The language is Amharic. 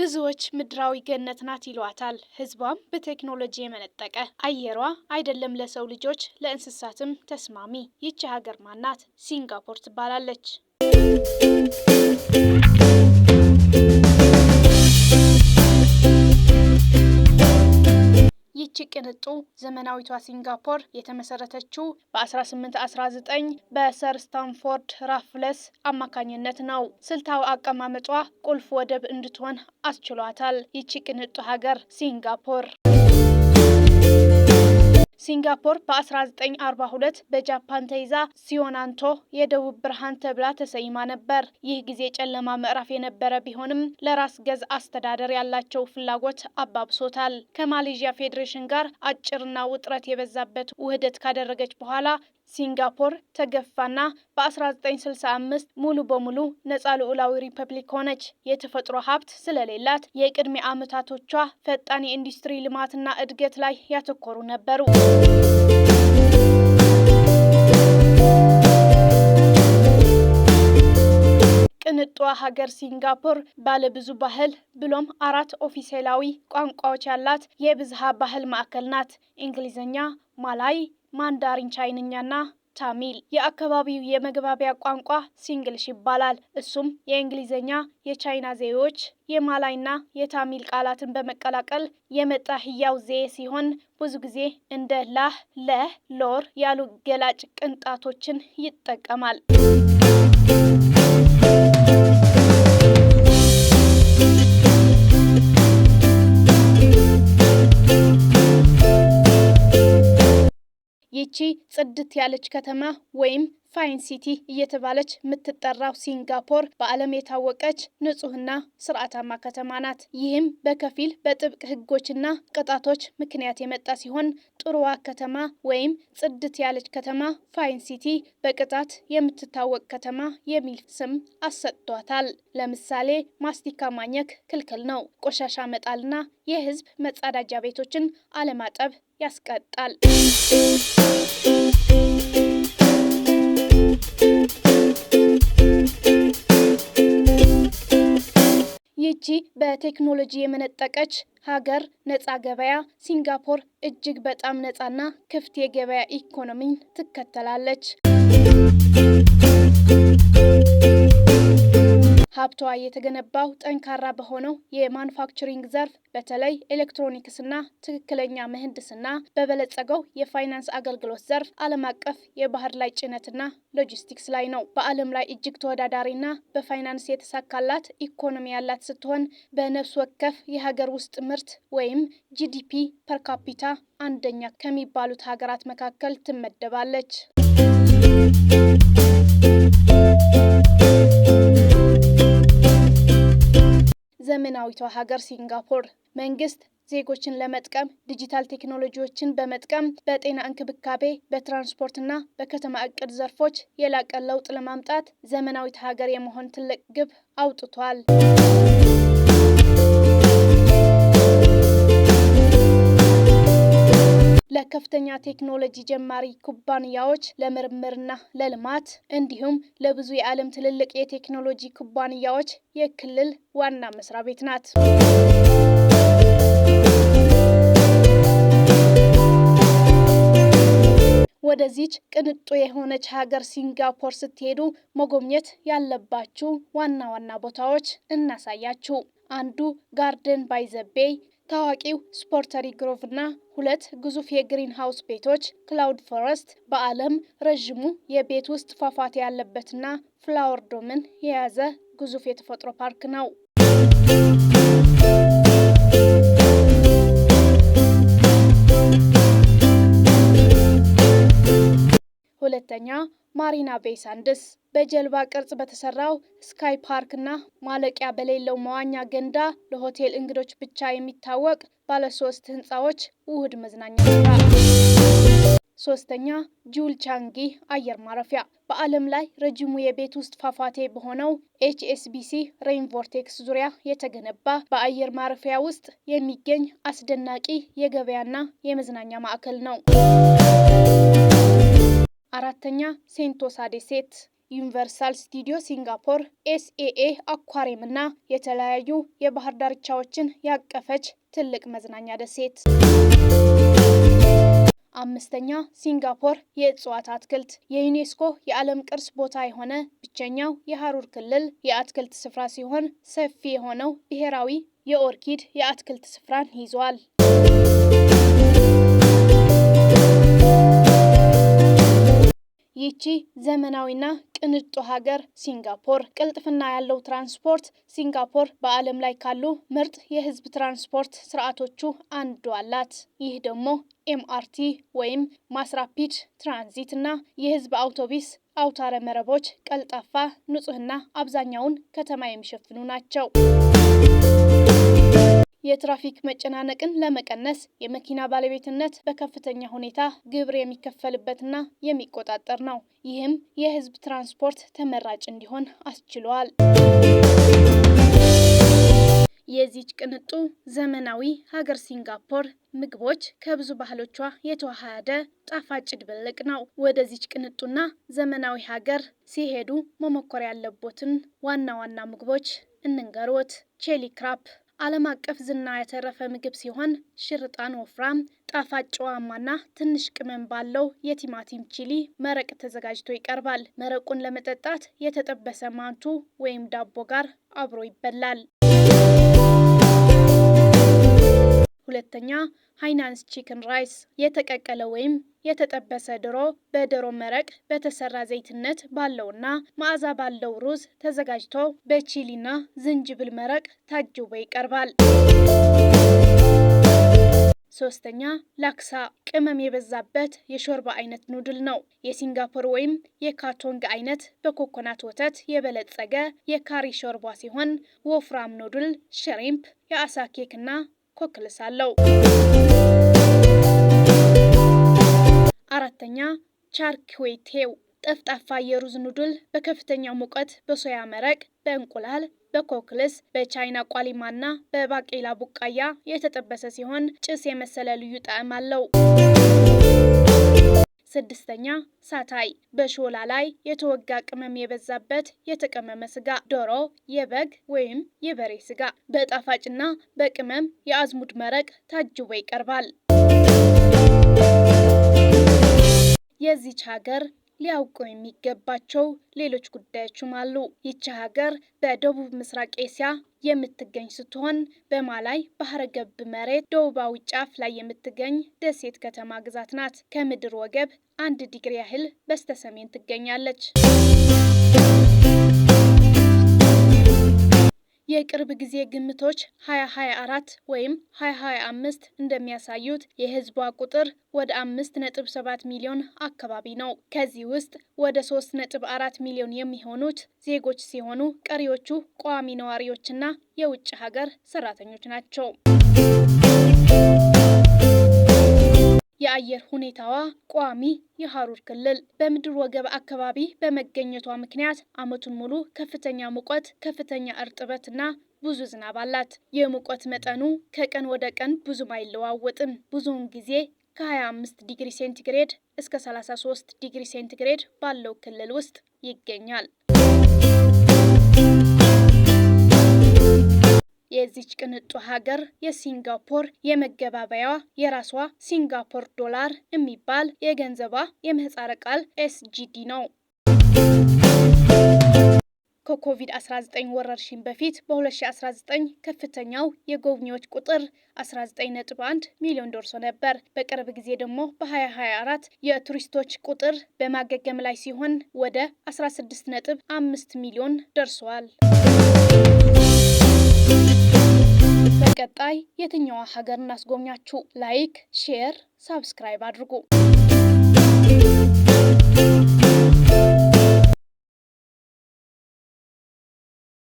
ብዙዎች ምድራዊ ገነት ናት ይሏታል። ህዝቧም በቴክኖሎጂ የመነጠቀ አየሯ አይደለም ለሰው ልጆች ለእንስሳትም ተስማሚ። ይቺ ሀገር ማናት? ሲንጋፖር ትባላለች። ይህች ቅንጡ ዘመናዊቷ ሲንጋፖር የተመሰረተችው በ1819 በሰር ስታንፎርድ ራፍለስ አማካኝነት ነው። ስልታዊ አቀማመጧ ቁልፍ ወደብ እንድትሆን አስችሏታል። ይህች ቅንጡ ሀገር ሲንጋፖር ሲንጋፖር በ1942 በጃፓን ተይዛ ሲዮናንቶ የደቡብ ብርሃን ተብላ ተሰይማ ነበር። ይህ ጊዜ ጨለማ ምዕራፍ የነበረ ቢሆንም ለራስ ገዝ አስተዳደር ያላቸው ፍላጎት አባብሶታል። ከማሌዥያ ፌዴሬሽን ጋር አጭርና ውጥረት የበዛበት ውህደት ካደረገች በኋላ ሲንጋፖር ተገፋና በ1965 ሙሉ በሙሉ ነፃ ልዑላዊ ሪፐብሊክ ሆነች። የተፈጥሮ ሀብት ስለሌላት የቅድመ ዓመታቶቿ ፈጣን የኢንዱስትሪ ልማትና እድገት ላይ ያተኮሩ ነበሩ። ቅንጧ ሀገር ሲንጋፖር ባለብዙ ባህል ብሎም አራት ኦፊሴላዊ ቋንቋዎች ያላት የብዝሃ ባህል ማዕከል ናት። እንግሊዝኛ፣ ማላይ፣ ማንዳሪን ቻይንኛና ታሚል የአካባቢው የመግባቢያ ቋንቋ ሲንግልሽ ይባላል። እሱም የእንግሊዝኛ፣ የቻይና ዜዎች፣ የማላይና የታሚል ቃላትን በመቀላቀል የመጣ ህያው ዜ ሲሆን ብዙ ጊዜ እንደ ላህ፣ ለህ፣ ሎር ያሉ ገላጭ ቅንጣቶችን ይጠቀማል። ይቺ ጽድት ያለች ከተማ ወይም ፋይን ሲቲ እየተባለች የምትጠራው ሲንጋፖር በዓለም የታወቀች ንጹህና ስርዓታማ ከተማ ናት። ይህም በከፊል በጥብቅ ህጎችና ቅጣቶች ምክንያት የመጣ ሲሆን ጥሩዋ ከተማ ወይም ጽድት ያለች ከተማ ፋይን ሲቲ በቅጣት የምትታወቅ ከተማ የሚል ስም አሰጥቷታል። ለምሳሌ ማስቲካ ማኘክ ክልክል ነው። ቆሻሻ መጣልና የህዝብ መጸዳጃ ቤቶችን አለማጠብ ያስቀጣል። በቴክኖሎጂ የመነጠቀች ሀገር ነፃ ገበያ ሲንጋፖር እጅግ በጣም ነጻና ክፍት የገበያ ኢኮኖሚን ትከተላለች። በወቅቷ የተገነባው ጠንካራ በሆነው የማኑፋክቸሪንግ ዘርፍ በተለይ ኤሌክትሮኒክስና ትክክለኛ ምህንድስና በበለጸገው የፋይናንስ አገልግሎት ዘርፍ ዓለም አቀፍ የባህር ላይ ጭነትና ሎጂስቲክስ ላይ ነው። በዓለም ላይ እጅግ ተወዳዳሪና በፋይናንስ የተሳካላት ኢኮኖሚ ያላት ስትሆን በነፍስ ወከፍ የሀገር ውስጥ ምርት ወይም ጂዲፒ ፐርካፒታ አንደኛ ከሚባሉት ሀገራት መካከል ትመደባለች። ዘመናዊቷ ሀገር ሲንጋፖር መንግስት ዜጎችን ለመጥቀም ዲጂታል ቴክኖሎጂዎችን በመጥቀም በጤና እንክብካቤ፣ በትራንስፖርትና በከተማ እቅድ ዘርፎች የላቀ ለውጥ ለማምጣት ዘመናዊት ሀገር የመሆን ትልቅ ግብ አውጥቷል። ከፍተኛ ቴክኖሎጂ ጀማሪ ኩባንያዎች ለምርምርና ለልማት እንዲሁም ለብዙ የዓለም ትልልቅ የቴክኖሎጂ ኩባንያዎች የክልል ዋና መስሪያ ቤት ናት። ወደዚች ቅንጡ የሆነች ሀገር ሲንጋፖር ስትሄዱ መጎብኘት ያለባችሁ ዋና ዋና ቦታዎች እናሳያችሁ። አንዱ ጋርደን ባይ ዘ ቤይ ታዋቂው ስፖርተሪ ግሮቭ እና ሁለት ግዙፍ የግሪን ሃውስ ቤቶች ክላውድ ፎረስት በዓለም ረዥሙ የቤት ውስጥ ፏፏቴ ያለበትና ፍላወር ዶምን የያዘ ግዙፍ የተፈጥሮ ፓርክ ነው። ሁለተኛ ማሪና ቤይ ሳንድስ በጀልባ ቅርጽ በተሰራው ስካይ ፓርክና ማለቂያ በሌለው መዋኛ ገንዳ ለሆቴል እንግዶች ብቻ የሚታወቅ ባለሶስት ህንፃዎች ውህድ መዝናኛ ይሆናል። ሶስተኛ ጁል ቻንጊ አየር ማረፊያ በዓለም ላይ ረጅሙ የቤት ውስጥ ፏፏቴ በሆነው ኤችኤስቢሲ ሬይን ቮርቴክስ ዙሪያ የተገነባ በአየር ማረፊያ ውስጥ የሚገኝ አስደናቂ የገበያና የመዝናኛ ማዕከል ነው። አራተኛ ሴንቶሳ ደሴት ዩኒቨርሳል ስቱዲዮ ሲንጋፖር ኤስኤኤ አኳሪም እና የተለያዩ የባህር ዳርቻዎችን ያቀፈች ትልቅ መዝናኛ ደሴት። አምስተኛ ሲንጋፖር የእጽዋት አትክልት የዩኔስኮ የዓለም ቅርስ ቦታ የሆነ ብቸኛው የሀሩር ክልል የአትክልት ስፍራ ሲሆን ሰፊ የሆነው ብሔራዊ የኦርኪድ የአትክልት ስፍራን ይዟል። ዘመናዊና ቅንጡ ሀገር ሲንጋፖር ቅልጥፍና ያለው ትራንስፖርት ሲንጋፖር በዓለም ላይ ካሉ ምርጥ የህዝብ ትራንስፖርት ስርዓቶቹ አንዱ አላት። ይህ ደግሞ ኤምአርቲ ወይም ማስራፒድ ትራንዚት እና የህዝብ አውቶቢስ አውታረ መረቦች ቀልጣፋ፣ ንጹህና አብዛኛውን ከተማ የሚሸፍኑ ናቸው። የትራፊክ መጨናነቅን ለመቀነስ የመኪና ባለቤትነት በከፍተኛ ሁኔታ ግብር የሚከፈልበትና የሚቆጣጠር ነው። ይህም የህዝብ ትራንስፖርት ተመራጭ እንዲሆን አስችሏል። የዚች ቅንጡ ዘመናዊ ሀገር ሲንጋፖር ምግቦች ከብዙ ባህሎቿ የተዋሃደ ጣፋጭ ድብልቅ ነው። ወደዚች ቅንጡና ዘመናዊ ሀገር ሲሄዱ መሞከር ያለቦትን ዋና ዋና ምግቦች እንንገሮት። ቼሊ ክራፕ ዓለም አቀፍ ዝና ያተረፈ ምግብ ሲሆን ሽርጣን ወፍራም፣ ጣፋጭ ጨዋማና ትንሽ ቅመም ባለው የቲማቲም ቺሊ መረቅ ተዘጋጅቶ ይቀርባል። መረቁን ለመጠጣት የተጠበሰ ማንቱ ወይም ዳቦ ጋር አብሮ ይበላል። ሁለተኛ ሃይናንስ ቺክን ራይስ የተቀቀለ ወይም የተጠበሰ ድሮ በዶሮ መረቅ በተሰራ ዘይትነት ባለውና መዓዛ ባለው ሩዝ ተዘጋጅቶ በቺሊና ዝንጅብል መረቅ ታጅቦ ይቀርባል። ሶስተኛ ላክሳ ቅመም የበዛበት የሾርባ አይነት ኑድል ነው። የሲንጋፖር ወይም የካቶንግ አይነት በኮኮናት ወተት የበለጸገ የካሪ ሾርባ ሲሆን ወፍራም ኑድል፣ ሽሪምፕ፣ የአሳ ኬክ እና ። አለው። አራተኛ ቻርክዌቴው ጠፍጣፋ የሩዝ ኑዱል በከፍተኛ ሙቀት በሶያ መረቅ፣ በእንቁላል፣ በኮክልስ፣ በቻይና ቋሊማና በባቄላ ቡቃያ የተጠበሰ ሲሆን ጭስ የመሰለ ልዩ ጣዕም አለው። ስድስተኛ ሳታይ በሾላ ላይ የተወጋ ቅመም የበዛበት የተቀመመ ስጋ፣ ዶሮ፣ የበግ ወይም የበሬ ስጋ በጣፋጭና በቅመም የአዝሙድ መረቅ ታጅቦ ይቀርባል። የዚች ሀገር ሊያውቁ የሚገባቸው ሌሎች ጉዳዮችም አሉ። ይቺ ሀገር በደቡብ ምስራቅ ኤስያ የምትገኝ ስትሆን በማላይ ባህረ ገብ መሬት ደቡባዊ ጫፍ ላይ የምትገኝ ደሴት ከተማ ግዛት ናት። ከምድር ወገብ አንድ ዲግሪ ያህል በስተሰሜን ትገኛለች። የቅርብ ጊዜ ግምቶች 2024 ወይም 2025 እንደሚያሳዩት የህዝቧ ቁጥር ወደ 5.7 ሚሊዮን አካባቢ ነው። ከዚህ ውስጥ ወደ 3.4 ሚሊዮን የሚሆኑት ዜጎች ሲሆኑ ቀሪዎቹ ቋሚ ነዋሪዎችና የውጭ ሀገር ሰራተኞች ናቸው። የአየር ሁኔታዋ ቋሚ የሐሩር ክልል በምድር ወገብ አካባቢ በመገኘቷ ምክንያት ዓመቱን ሙሉ ከፍተኛ ሙቀት፣ ከፍተኛ እርጥበትና ብዙ ዝናብ አላት። የሙቀት መጠኑ ከቀን ወደ ቀን ብዙም አይለዋወጥም። ብዙውን ጊዜ ከ25 ዲግሪ ሴንቲግሬድ እስከ 33 ዲግሪ ሴንቲግሬድ ባለው ክልል ውስጥ ይገኛል። የዚች ቅንጡ ሀገር የሲንጋፖር የመገባበያዋ የራሷ ሲንጋፖር ዶላር የሚባል የገንዘቧ የምህፃረ ቃል ኤስጂዲ ነው። ከኮቪድ-19 ወረርሽኝ በፊት በ2019 ከፍተኛው የጎብኚዎች ቁጥር 19.1 ሚሊዮን ደርሶ ነበር። በቅርብ ጊዜ ደግሞ በ2024 የቱሪስቶች ቁጥር በማገገም ላይ ሲሆን ወደ 16.5 ሚሊዮን ደርሷል። ቀጣይ የትኛዋ ሀገር እናስጎብኛችሁ? ላይክ፣ ሼር፣ ሳብስክራይብ አድርጉ።